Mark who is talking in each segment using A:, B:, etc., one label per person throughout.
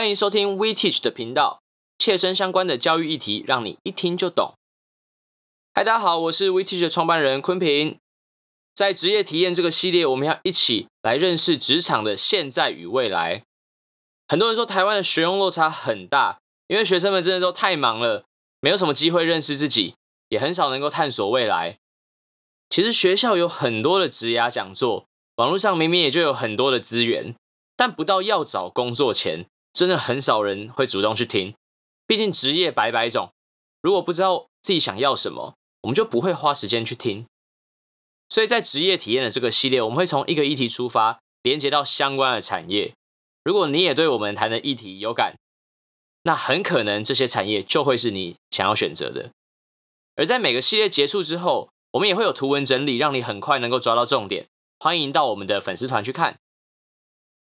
A: 歡迎收聽 WeTeach 的頻道，切身相關的教育議題，讓你一聽就懂。嗨，大家好，我是 WeTeach 的創辦人坤平。在職業體驗這個系列，我們要一起來認識職場的現在與未來。很多人說台灣的學用落差很大，因為學生們真的都太忙了，沒有什麼機會認識自己，也很少能夠探索未來。其實學校有很多的職涯講座，網路上明明也就有很多的資源，但不到要找工作前，真的很少人會主動去聽，畢竟職業百百種，如果不知道自己想要什麼，我們就不會花時間去聽。所以在職業體驗的這個系列，我們會從一個議題出發，連接到相關的產業。如果你也對我們談的議題有感，那很可能這些產業就會是你想要選擇的。而在每個系列結束之後，我們也會有圖文整理，讓你很快能夠抓到重點。歡迎到我們的粉絲團去看。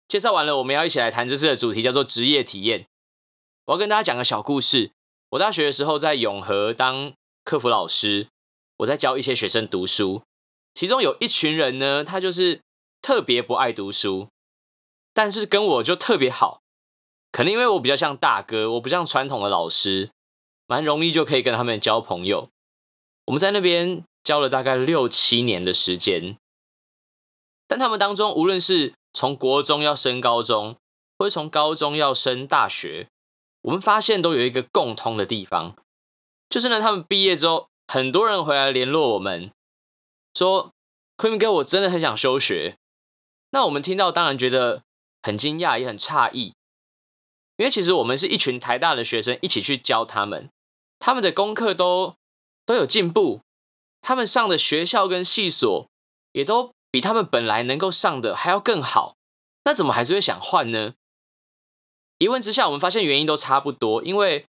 A: 介紹完了，我們要一起來談這次的主題，叫做職業體驗。我要跟大家講個小故事。我大學的時候在永和當課輔老師，我在教一些學生讀書。其中有一群人呢，他就是特別不愛讀書，但是跟我就特別好。可能因為我比較像大哥，我不像傳統的老師，蠻容易就可以跟他們交朋友。我們在那邊教了大概六七年的時間，但他們當中無論是從國中要升高中，或從高中要升大學，我們發現都有一個共通的地方，就是呢，他們畢業之後，很多人回來聯絡我們，說：“坤平哥，我真的很想休學。”那我們聽到當然覺得很驚訝，也很詫異，因為其實我們是一群台大的學生一起去教他們，他們的功課都都有進步，他們上的學校跟系所也都比他們本來能夠上的還要更好，那怎麼還是會想換呢？一問之下，我們發現原因都差不多，因為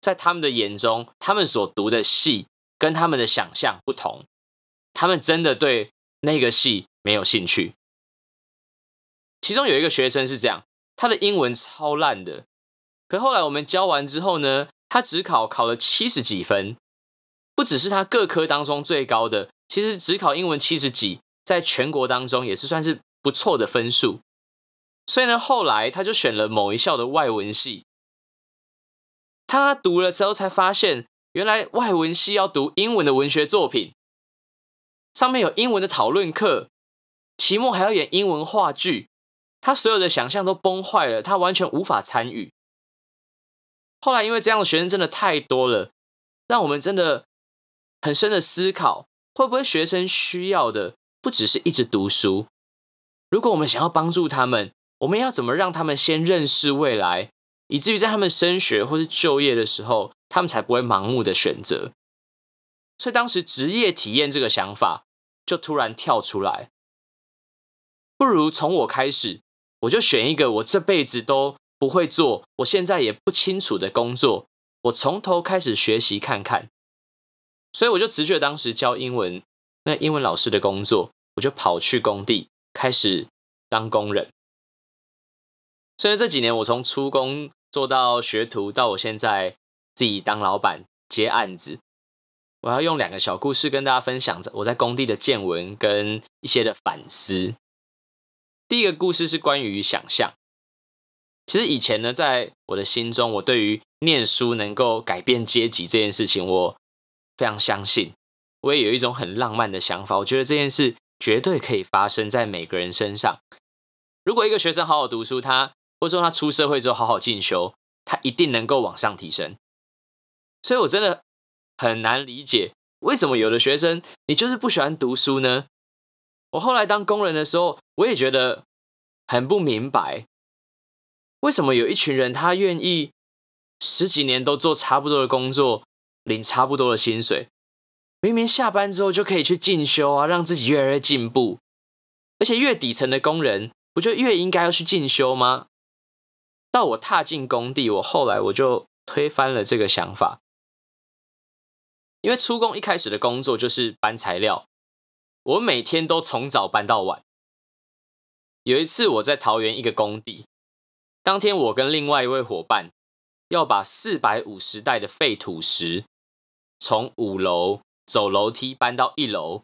A: 在他們的眼中，他們所讀的系跟他們的想象不同，他們真的對那個系沒有興趣。其中有一個學生是這樣，他的英文超爛的，可後來我們教完之後呢，他指考考了七十幾分，不只是他各科當中最高的，其實只考英文七十幾。在全國當中也是算是不錯的分數，所以呢，後來他就選了某一校的外文系。他讀了之後才發現，原來外文系要讀英文的文學作品，上面有英文的討論課，期末還要演英文話劇。他所有的想象都崩壞了，他完全無法參與。後來因為這樣的學生真的太多了，讓我們真的很深的思考，會不會學生需要的，不只是一直讀書。如果我們想要幫助他們，我們要怎麼讓他們先認識未來，以至於在他們升學或是就業的時候，他們才不會盲目的選擇。所以當時職業體驗這個想法就突然跳出來。不如從我開始，我就選一個我這輩子都不會做，我現在也不清楚的工作，我從頭開始學習看看。所以我就辭去了當時教英文。那英文老師的工作，我就跑去工地開始當工人。所以這幾年我從初工做到學徒，到我現在自己當老闆接案子，我要用兩個小故事跟大家分享，我在工地的見聞跟一些的反思。第一個故事是關於想象。其實以前呢，在我的心中，我對於念書能夠改變階級這件事情，我非常相信。我也有一種很浪漫的想法，我覺得這件事絕對可以發生在每個人身上。如果一個學生好好讀書他，他或者說他出社會之後好好進修，他一定能夠往上提升。所以，我真的很難理解為什麼有的學生你就是不喜歡讀書呢？我後來當工人的時候，我也覺得很不明白，為什麼有一群人他願意十幾年都做差不多的工作，領差不多的薪水。明明下班之後就可以去進修啊，讓自己越來越進步。而且越底層的工人，不就越應該要去進修嗎？到我踏進工地，我後來我就推翻了這個想法，因為初工一開始的工作就是搬材料，我每天都從早搬到晚。有一次我在桃園一個工地，當天我跟另外一位夥伴要把四百五十袋的廢土石從五樓，走樓梯搬到一樓，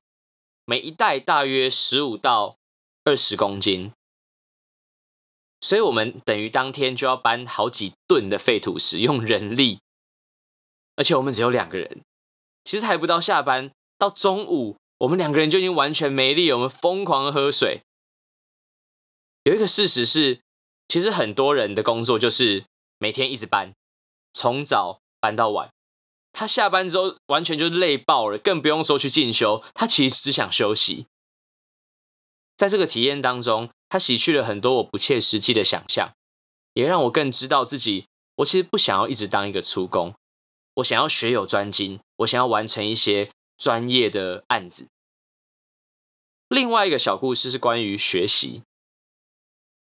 A: 每一袋大約十五到二十公斤，所以我們等於當天就要搬好幾噸的廢土使用人力，而且我們只有兩個人，其實還不到下班，到中午我們兩個人就已經完全沒力，我們瘋狂喝水。有一個事實是，其實很多人的工作就是每天一直搬，從早搬到晚。他下班之後完全就累爆了，更不用說去進修。他其實只想休息。在這個體驗當中，他洗去了很多我不切實際的想象，也讓我更知道自己，我其實不想要一直當一個粗工，我想要學有專精，我想要完成一些專業的案子。另外一個小故事是關於學習。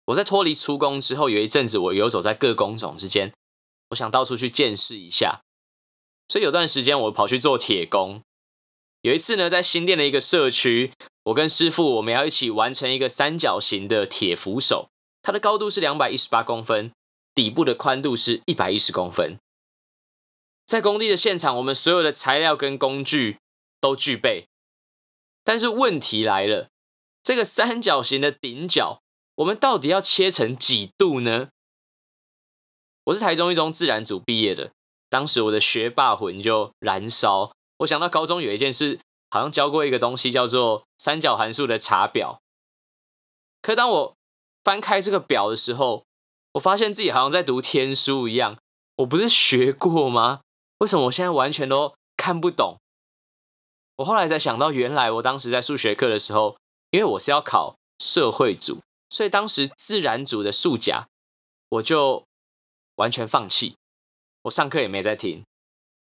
A: 我在脫離粗工之後，有一陣子我遊走在各工種之間，我想到處去見識一下。所以有段時間，我跑去做鐵工。有一次呢，在新店的一個社區，我跟師傅，我們要一起完成一個三角形的鐵扶手，它的高度是兩百一十八公分，底部的寬度是一百一十公分。在工地的現場，我們所有的材料跟工具都具備，但是問題來了，這個三角形的頂角，我們到底要切成幾度呢？我是台中一中自然組畢業的。當時我的學霸魂就燃燒。我想到高中有一件事，好像教過一個東西，叫做三角函數的查表。可當我翻開這個表的時候，我發現自己好像在讀天書一樣。我不是學過嗎？為什麼我現在完全都看不懂？我後來才想到，原來我當時在數學課的時候，因為我是要考社會組，所以當時自然組的數甲，我就完全放棄。我上課也沒在聽，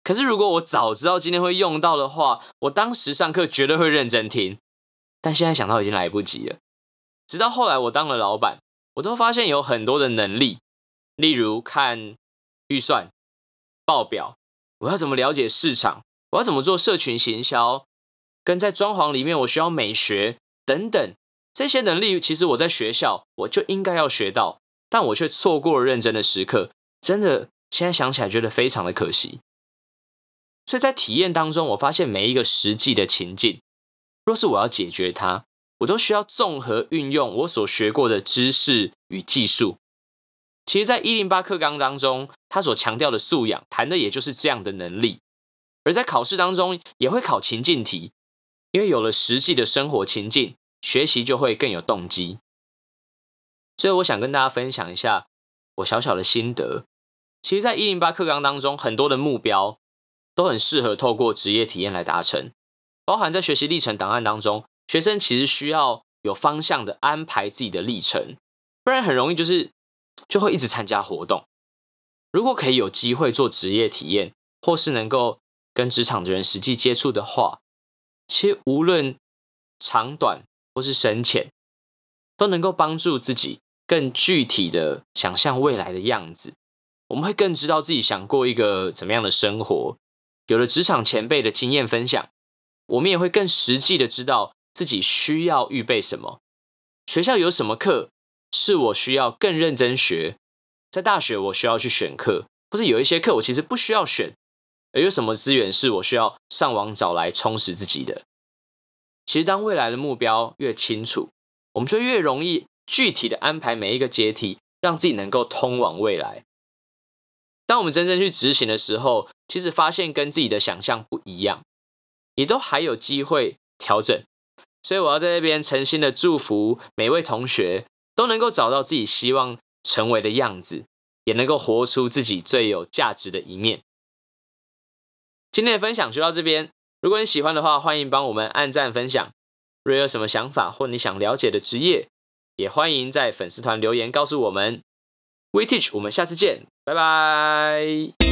A: 可是如果我早知道今天會用到的話，我當時上課絕對會認真聽。但現在想到已經來不及了。直到後來我當了老闆，我都發現有很多的能力，例如看預算、報表，我要怎麼了解市場，我要怎麼做社群行銷，跟在裝潢裡面我需要美學等等這些能力，其實我在學校我就應該要學到，但我卻錯過了認真的時刻，真的。現在想起來，覺得非常的可惜。所以在體驗當中，我發現每一個實際的情境，若是我要解決它，我都需要綜合運用我所學過的知識與技術。其實，在108課綱當中，他所強調的素養，談的也就是這樣的能力。而在考試當中，也會考情境題，因為有了實際的生活情境，學習就會更有動機。所以，我想跟大家分享一下我小小的心得。其實，在一零八課綱當中，很多的目標都很適合透過職業體驗來達成。包含在學習歷程檔案當中，學生其實需要有方向的安排自己的歷程，不然很容易就是就會一直參加活動。如果可以有機會做職業體驗，或是能夠跟職場的人實際接觸的話，其實無論長短或是深淺，都能夠幫助自己更具體的想象未來的樣子。我們會更知道自己想過一個怎麼樣的生活，有了職場前輩的經驗分享，我們也會更實際的知道自己需要預備什麼。學校有什麼課是我需要更認真學，在大學我需要去選課，或是有一些課我其實不需要選。而有什麼資源是我需要上網找來充實自己的？其實，當未來的目標越清楚，我們就越容易具體的安排每一個階梯，讓自己能夠通往未來。當我們真正去執行的時候，其實發現跟自己的想象不一樣，也都還有機會調整。所以我要在這邊誠心的祝福每位同學都能夠找到自己希望成為的樣子，也能夠活出自己最有價值的一面。今天的分享就到這邊，如果你喜歡的話，歡迎幫我們按讚分享。如果有什麼想法或你想了解的職業，也歡迎在粉絲團留言告訴我們。WeTeach，我們下次見，拜拜。